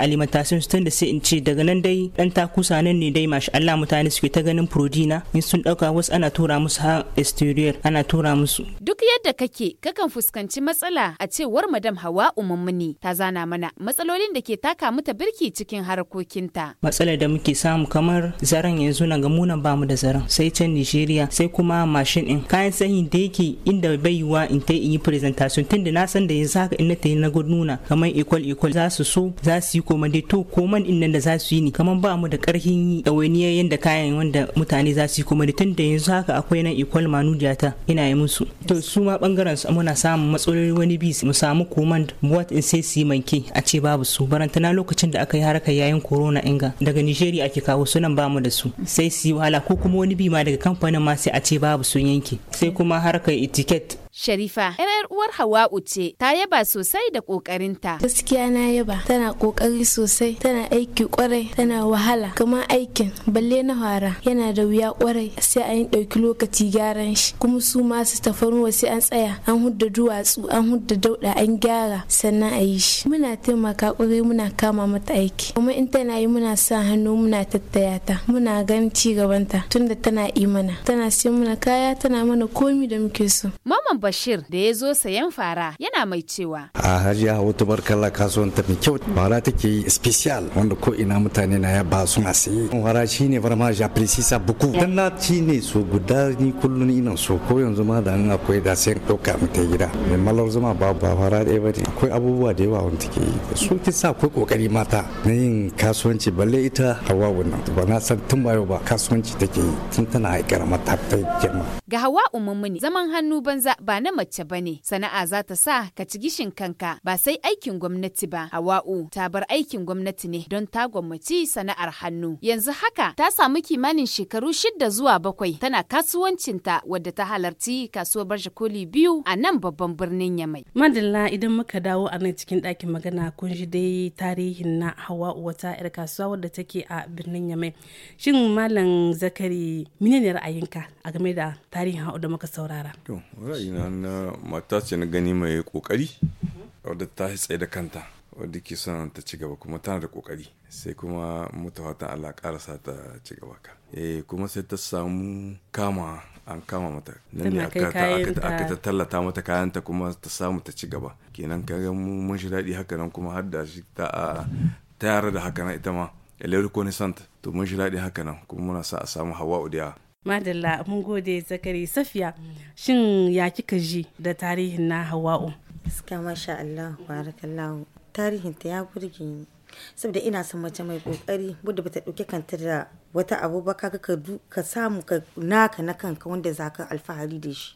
su tun da sai in ce daga nan dai dan takusa nan ne dai mashi Allah mutane suke ta ganin prodina in sun dauka wasu ana tura musu ha exterior ana tura musu duk yadda kake kakan fuskanci matsala a cewar madam Hawa Umummuni ta zana mana matsalolin da ke taka mata birki cikin harkokinta matsalar da muke samu kamar zaren yanzu na ga munan bamu da zaren sai can Nigeria sai kuma mashin din kayan sanyi in ta yake inda bai yiwa in ta yi presentation tunda na san da yanzu haka in ta yi na nuna kamar equal equal za su so za su yi dai to koman in nan da za su yi ni kamar ba mu da karfin yi ɗawainiya da kayan wanda mutane za su yi tun tunda yanzu haka akwai nan equal manuja ta ina yi musu to su ma bangaren su muna samun matsaloli wani bi mu samu command what in say si manke a ce babu su barantana lokacin da aka yi harkar yayin corona inga daga Nigeria ake kawo sunan mu da su sai su yi wahala ko kuma wani bi ma daga kamfanin ma sai a ce babu sun yanke sai kuma kuma harkar itiket. Sharifa, ‘yar uwar Hawa'u ce, ta yaba sosai da ƙoƙarinta. Gaskiya na yaba, tana ƙoƙari sosai, tana aiki ƙwarai, tana wahala, kuma aikin balle na hara yana da wuya ƙwarai sai an ɗauki lokaci gyaran shi, kuma su masu tafarnuwa sai an tsaya, an hudda duwatsu, an hudda dauɗa, an gyara sannan a yi shi. Muna taimaka ƙwarai muna kama mata aiki, kuma in tana yi muna sa hannu muna tattaya ta, muna ganin ci gabanta tunda tana imana, tana sai muna kaya tana mana komi da muke so. Maman Bashir da ya zo sayan fara yana mai cewa. A hajiya hawa bar kasuwan kasuwanta mai kyau fara take yi special wanda ko ina mutane na ya ba su na saye. Fara shi ne barma ja precisa buku. Dan na ci ne so guda ni kullum ina so ko yanzu ma da nan akwai da sayan ɗauka mu ta gida. Mai malar zama ba ba fara ɗaya ba ne. Akwai abubuwa da yawa wanda take yi. Su ki sa akwai kokari mata na yin kasuwanci balle ita hawa wannan. Ba na san tun ba yau ba kasuwanci take yi tun tana haikar mata ta girma. Ga hawa umarni zaman hannu banza ba ba na mace ba ne. Sana'a za ta sa ka ci gishin kanka ba sai aikin gwamnati ba. Hawa'u ta bar aikin gwamnati ne don ta gwamnati sana'ar hannu. Yanzu haka ta samu kimanin shekaru shida zuwa bakwai tana kasuwancinta wadda ta halarci kasuwar Barja Koli biyu a nan babban birnin Yamai. Madalla idan muka dawo a nan cikin ɗakin magana kun ji dai tarihin na Hawa'u wata 'yar kasuwa wadda take a birnin Yamai. Shin Malam Zakari menene ra'ayinka a game da tarihin Hawa'u da muka saurara? To, ra'ayina na eh, mata ce na gani mai kokari wadda ta tsaye da kanta wadda ke son ta ci gaba kuma tana da kokari sai kuma mutu watan Allah karasa ta ci gaba ka eh kuma sai ta samu kama an kama mata nan ne aka ta tallata mata kayanta kuma ta samu ta ci gaba kenan kaga mu mun shi daɗi haka nan kuma har da shi ta tayar da haka nan ita ma elero ko to mun shi daɗi haka nan kuma muna sa a samu hawa da madalla mun gode zakari safiya shin ya kika ji da tarihin na hawa'u gaskiya masha Allah barakallahu tarihinta ya burge ni saboda ina son mace mai kokari wadda bata dauke kanta da wata abu ba ka ka ka samu ka naka na kanka wanda zaka alfahari da shi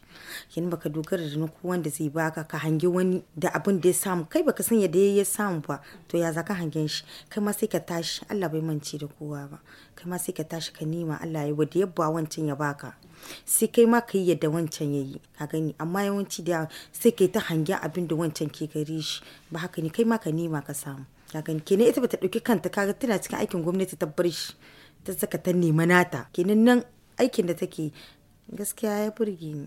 kin baka dogara da nuku wanda zai baka ka hangi wani da abin da ya samu kai baka san yadda ya samu ba to ya zaka hangen shi kai ma sai ka tashi Allah bai mance da kowa ba kai ma sai ka tashi ka nima Allah ya wadda ya ba wancan ya baka sai kai ma ka yi yadda wancan ya yi ka gani amma yawanci da sai kai ta hangen abin da wancan ke gare shi ba haka ne kai ma ka nema ka samu kagan kene ita bata dauki kanta kaga tana cikin aikin gwamnati ta bar shi ta saka ta nema nata kenan nan aikin da take gaskiya ya burge ni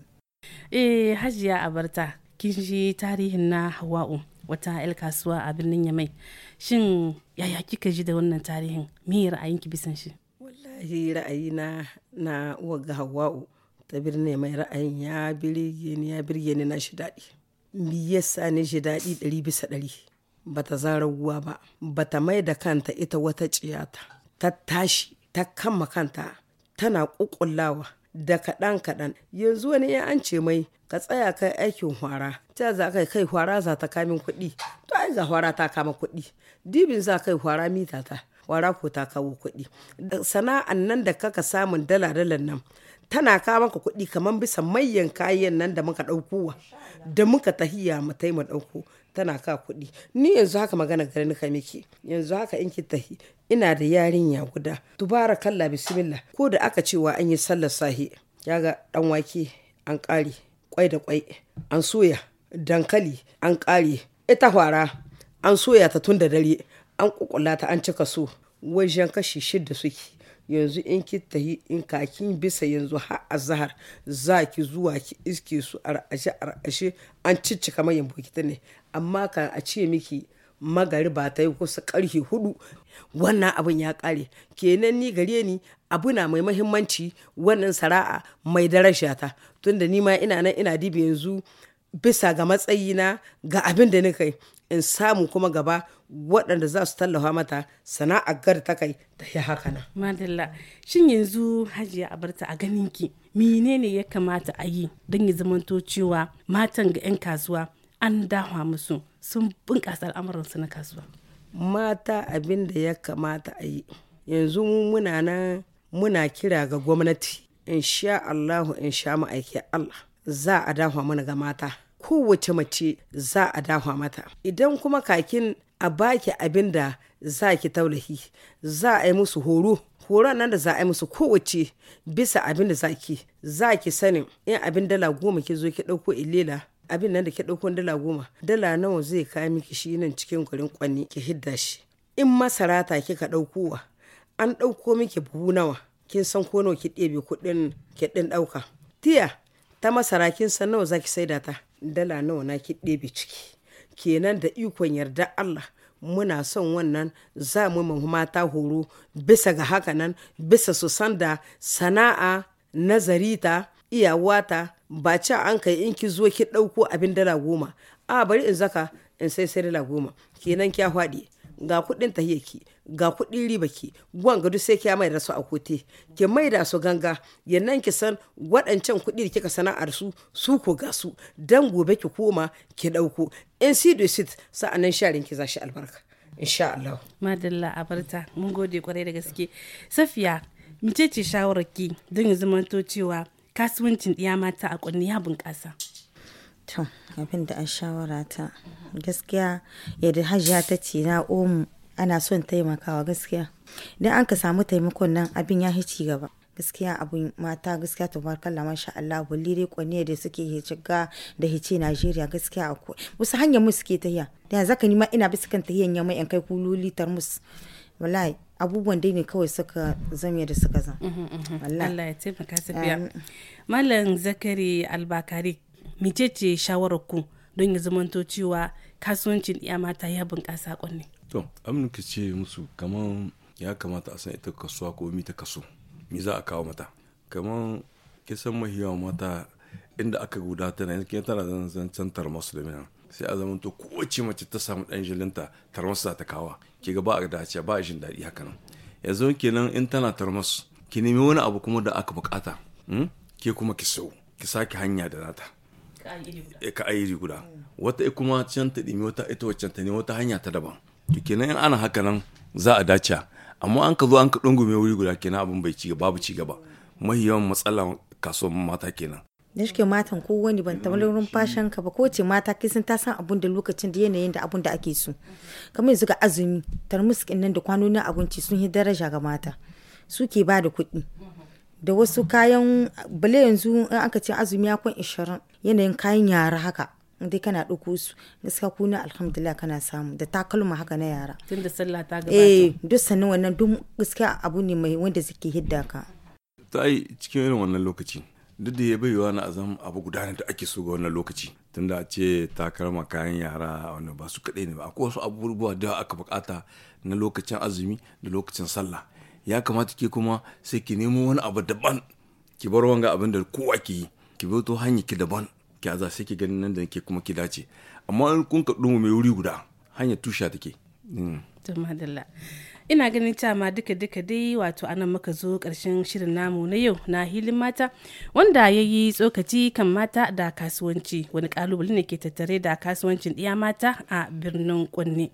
eh hajiya abarta kin ji tarihin na hawa'u wata 'yar kasuwa a birnin yamai shin yaya kika ji da wannan tarihin me ki bisan shi wallahi ra'ayi na na ga hawa'u ta birnin mai ra'ayin ya birge ni ya birge ni na shi daɗi me yasa ni shi daɗi ɗari bisa ɗari bata zara ruwa ba bata mai da kanta ita wata ciyata ta tashi ta kama kanta tana kukullawa da kaɗan kaɗan yanzu wani ya an ce mai ka tsaya kai aikin hwara ta za kai kai hwara za ta kamin kuɗi to ai za hwara ta kama kuɗi dibin za kai hwara mita ta hwara ko ta kawo kuɗi sana'an nan da kaka samun dala dalan nan tana kawo maka kuɗi kamar bisa mayan kayan nan da muka ɗaukowa da muka tahiya mu taimaka ɗauko tana ka kuɗi ni yanzu haka magana gare ni ka miki yanzu haka in ki tahi ina da yarinya guda dubara kalla bismillah ko da aka cewa an yi sallar sahi yaga dan wake an ƙari kwai da kwai an soya dankali an ƙari ita fara an soya ta tun da dare an kukula ta an cika so wajen kashi shidda suke yanzu in ki tahi in kakin bisa yanzu ha azahar za ki zuwa ki iske su ar'ashe ar'ashe an ciccika mayan bokiti ne amma kan a ce miki magari ba ta yi kusa karfe hudu wannan abin ya kare kenan ni gare ni abu na mai mahimmanci wannan sara'a mai darasha ta tunda ni ma ina nan ina dibi yanzu bisa ga matsayina ga abin da ni kai in samu kuma gaba waɗanda za su tallafa mata sana'ar gar ta kai ta yi haka na. Madalla, shin yanzu hajiya a barta a ganinki menene ya kamata a yi don ya zamanto cewa matan ga 'yan kasuwa an dawa musu sun bunƙasa al'amuransu na kasuwa mata abin da ya kamata a yi yanzu muna nan muna kira ga gwamnati in sha Allahu in sha ma'aiki Allah za a dawa mana ga mata kowace mace za a dawa mata idan kuma kakin a baki abin da za ki taulahi za a yi musu horo horon nan da za a yi musu kowace bisa abin da za ki za ki sanin in abin dala goma ki zo ki ɗauko ilila abin nan da ke ɗaukon dala goma dala nawa zai kai miki shi nan cikin garin kwanni ki hidda shi in masara ta kika ɗaukowa an ɗauko miki buhu nawa kin san ko nawa ki ɗebe kuɗin kiɗin ɗauka tiya ta masara kin san nawa zaki saida ta dala nawa na ki ɗebe ciki kenan da ikon yarda Allah muna son wannan za mu mata horo bisa ga haka nan bisa su san da sana'a nazarita iyawata ba ci an kai in ki zo ki ɗauko abin dala goma a bari in zaka in sai sai dala goma kenan kya faɗi ga kuɗin tahiyaki ga kuɗin riba ki gwan gado sai kya mai rasu a kote ki mai da su ganga yannan ki san waɗancan kuɗi da kika sana'ar su su ko ga su dan gobe ki koma ki ɗauko in si do sit sa'annan sharin ki za shi albarka insha Allah madalla abarta mun gode kwarai da gaske safiya mice ce shawarar ki don ya zamanto cewa kasuwancin ɗiya mata a ƙwanne ya bunƙasa to abin da an shawara ta gaskiya yadda hajiya ta ce na omu ana son taimakawa gaskiya idan an ka samu taimakon nan abin ya ci gaba gaskiya abun mata gaskiya tabarkalla masha Allah bulli dai kwanne da suke hijigga da hice Najeriya gaskiya akwai wasu hanyar mu suke tahiya da zaka nima ina bisa kan tahiyan yamma yan kai kululi tarmus wallahi abubuwan dai ne kawai suka zame da suka zan mhm, mhm. Allah ya taimaka biya malam zakari albakari mice ce shawarar ku don ya zamanto cewa kasuwancin iya mata ya bunƙasa ƙwanne. to amurka ce musu kamar ya kamata a san ita kasuwa ko mi ta kaso me za a kawo mata kamar kisan mahiyawa mata inda aka guda tana yankin tana zan cantar masu da minan sai a zama to kowace mace ta samu ɗan jilinta tarmas za ta kawa ki ga ba a dace ba a jin daɗi haka nan yanzu kenan in tana tarmas ki nemi wani abu kuma da aka bukata hmm? ke kuma ki sau ki sake hanya da nata ka ayi eh, guda wata kuma can ta ɗimi wata ita wacce ta ne wata hanya ta daban to kenan in ana haka nan za a dace amma an ka zo an ka dungume wuri guda kenan abin bai ci gaba babu ci gaba mahi yawan matsala kasuwar mata kenan da shi matan ko wani ban taɓa wurin fashan ka ba ko ce mata kai sun ta san abun da lokacin da yanayin da abun da ake so kamar yanzu ga azumi tarmus nan da kwanonin abinci sun yi daraja ga mata su ke ba da kuɗi da wasu kayan bale yanzu in aka ce azumi ya kun 20 yanayin kayan yara haka inda kana ɗauko su gaskiya kuna alhamdulillah kana samu da takalma haka na yara tun da sallah ta gabata eh duk sannan wannan duk gaskiya abu ne mai wanda suke hidda ka ta ai cikin irin wannan lokaci duk da ya bai wa na azam abu guda ne da ake so ga wannan lokaci tunda a ce takalma kayan yara wani ba su kaɗai ne ba akwai wasu abubuwa da aka bukata na lokacin azumi da lokacin sallah ya kamata ke kuma sai ki nemo wani abu daban ki bar wanga abin da kowa ke yi ki bi to hanyar ki daban ki aza sai ki ganin nan da ke kuma ki dace amma kun ka dumu mai wuri guda hanyar tusha take. Hmm. ina ganin cewa duka duka dai wato anan muka zo karshen shirin namu na yau na hilin mata wanda ya yi tsokaci kan mata da kasuwanci wani kalubale ne ke tattare da kasuwancin iya mata a birnin kunne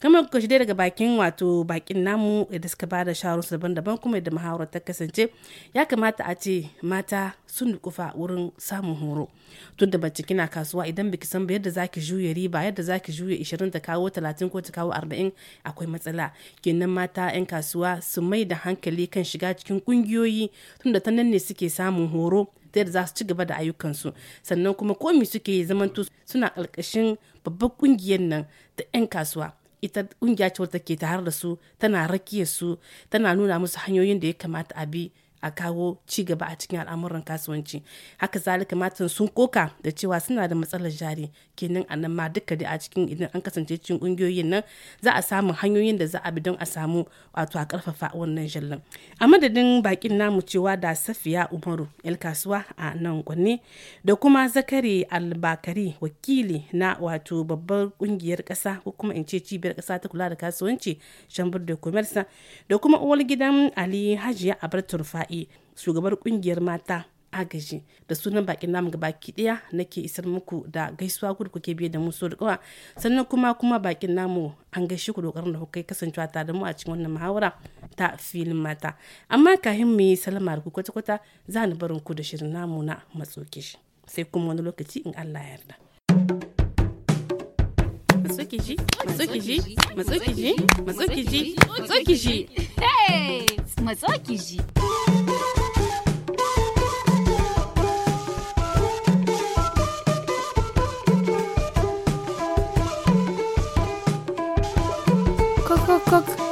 kamar kuka shi daga bakin wato bakin namu da suka bada shawararsu daban-daban kuma da muhawarar ta kasance ya kamata a ce mata sun kufa wurin samun horo tun da bacci kina kasuwa idan baki san ba yadda zaki juya riba yadda zaki juya 20 ta kawo 30 ko ta kawo 40 akwai matsala kenan mata 'yan kasuwa su mai da hankali kan shiga cikin kungiyoyi tunda ta nan ne suke samun horo ta yadda za su ci gaba da ayyukansu sannan kuma komi suke zamanto suna ƙarƙashin babbar kungiyar nan ta 'yan kasuwa ita kungiya ce wadda ke tare da su tana rakiya su tana nuna musu hanyoyin da ya kamata a bi a kawo ci gaba a cikin al'amuran kasuwanci haka zalika matan sun koka da cewa suna da matsalar jari kenan a nan ma duka da a cikin idan an kasance cikin kungiyoyin nan za a samu hanyoyin da za a bi don a samu wato a karfafa wannan jallan a madadin bakin namu cewa da safiya umaru yal kasuwa a nan kwanne da kuma zakari albakari wakili na wato babbar kungiyar kasa ko kuma in ce cibiyar kasa ta kula da kasuwanci chamber de commerce da kuma uwar gidan ali hajiya abar turfa'i shugabar kungiyar mata agaji da sunan bakin namu gaba ɗaya nake isar muku da gaisuwa ku da kuke biye da mu so da kawa sannan kuma kuma bakin namu an gaishe ku dokar da kuka kasancewa tare da mu a cikin wannan muhawara ta filin mata amma kahin mu yi salama da ku kwata-kwata za ni barin ku da shirin namu na shi sai kuma wani lokaci in Allah ya yarda.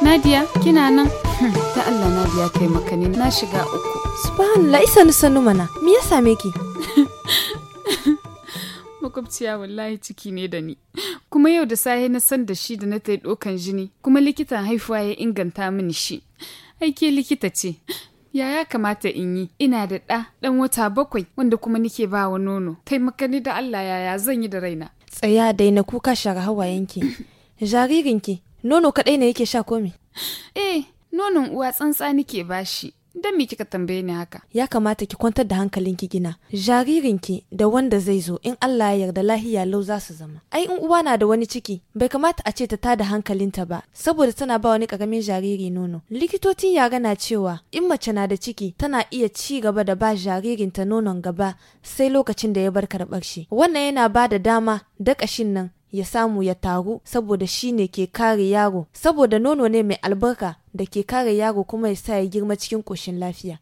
Nadia, kina nan? Ta hmm, Allah Nadia kai maka ne na shiga uku. Subhanallah, isa ni sanu mana. Me ya same ki? (laughs) Makwabciya wallahi ciki ne da ni. Kuma yau da sahe na san da shi da na tai dokan jini, kuma likitan haifuwa ya inganta mini shi. Aike likita ce. Ya ya kamata in yi, ina da ɗa ɗan wata bakwai wanda kuma nike bawa nono. Kai makani da Allah yaya zan yi da raina. Tsaya dai na kuka shara hawayenki. (coughs) Jaririnki Nono kaɗai ne yake sha komi? Eh, nonon uwa tsantsa nike bashi. Don me kika tambaye ni haka? Ya kamata ki kwantar da hankalinki gina. Jaririnki da wanda zai zo in Allah ya yarda lahiya lau za su zama. Ai in uwa na da wani ciki, bai kamata a ce ta tada hankalinta ba, saboda tana ba wani karamin jariri nono. Likitocin yara na cewa in mace na da ciki tana iya ci gaba da ba jaririnta nonon gaba sai lokacin da ya bar karɓar shi. Wannan yana ba da dama da ƙashin nan ya samu ya taru saboda shi ne ke kare yaro saboda nono ne mai albarka da ke kare yaro kuma ya sa ya girma cikin ƙoshin lafiya.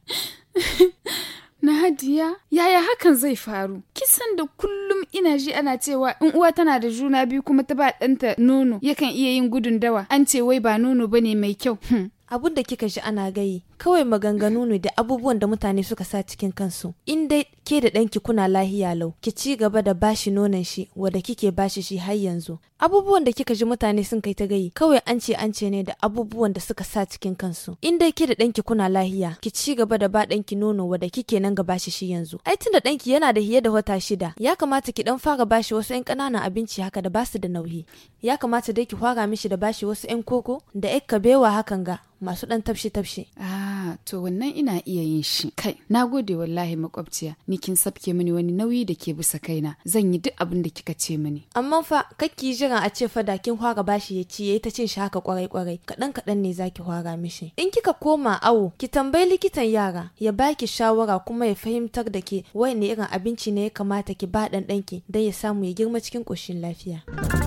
(laughs) na ya. yaya hakan zai faru? Kisan da kullum ina ji ana cewa in uwa tana da juna biyu kuma ta ba ɗanta nono yakan iya yin gudun dawa. An ce wai ba nono ba ne mai kyau. Hmm. Abun da kika ji ana gayi kawai maganganu ne da abubuwan da mutane suka sa cikin kansu in dai ke da ɗanki kuna lahiya lau ki ci gaba da bashi nonon shi wadda kike bashi shi har yanzu abubuwan da kika ji mutane sun kai ta gayi kawai an ce an ce ne da abubuwan da suka sa cikin kansu in dai ke da ɗanki kuna lahiya ki ci gaba da ba ɗanki nono wadda kike nan ga bashi shi yanzu ai tun da ɗanki yana da hiye da wata shida ya kamata ki ɗan fara bashi wasu 'yan ƙananan abinci haka da basu da nauyi ya kamata dai ki fara mishi da bashi wasu 'yan koko da ya kabewa hakan ga masu ɗan tafshi-tafshi. Ah. to wannan ina iya yin shi kai na gode wallahi makwabciya ni kin sabke mini wani nauyi da ke bisa kaina zan yi duk abin da kika ce mini amma fa kakki jiran a ce fa da kin fara bashi ya ci yayi ta cin shi haka kwarai kwarai kadan kadan ne zaki fara mishi in kika koma awo ki tambayi likitan yara ya baki shawara kuma ya fahimtar da ke wani irin abinci ne ya kamata ki ba dan danki dan ya samu ya girma cikin koshin lafiya.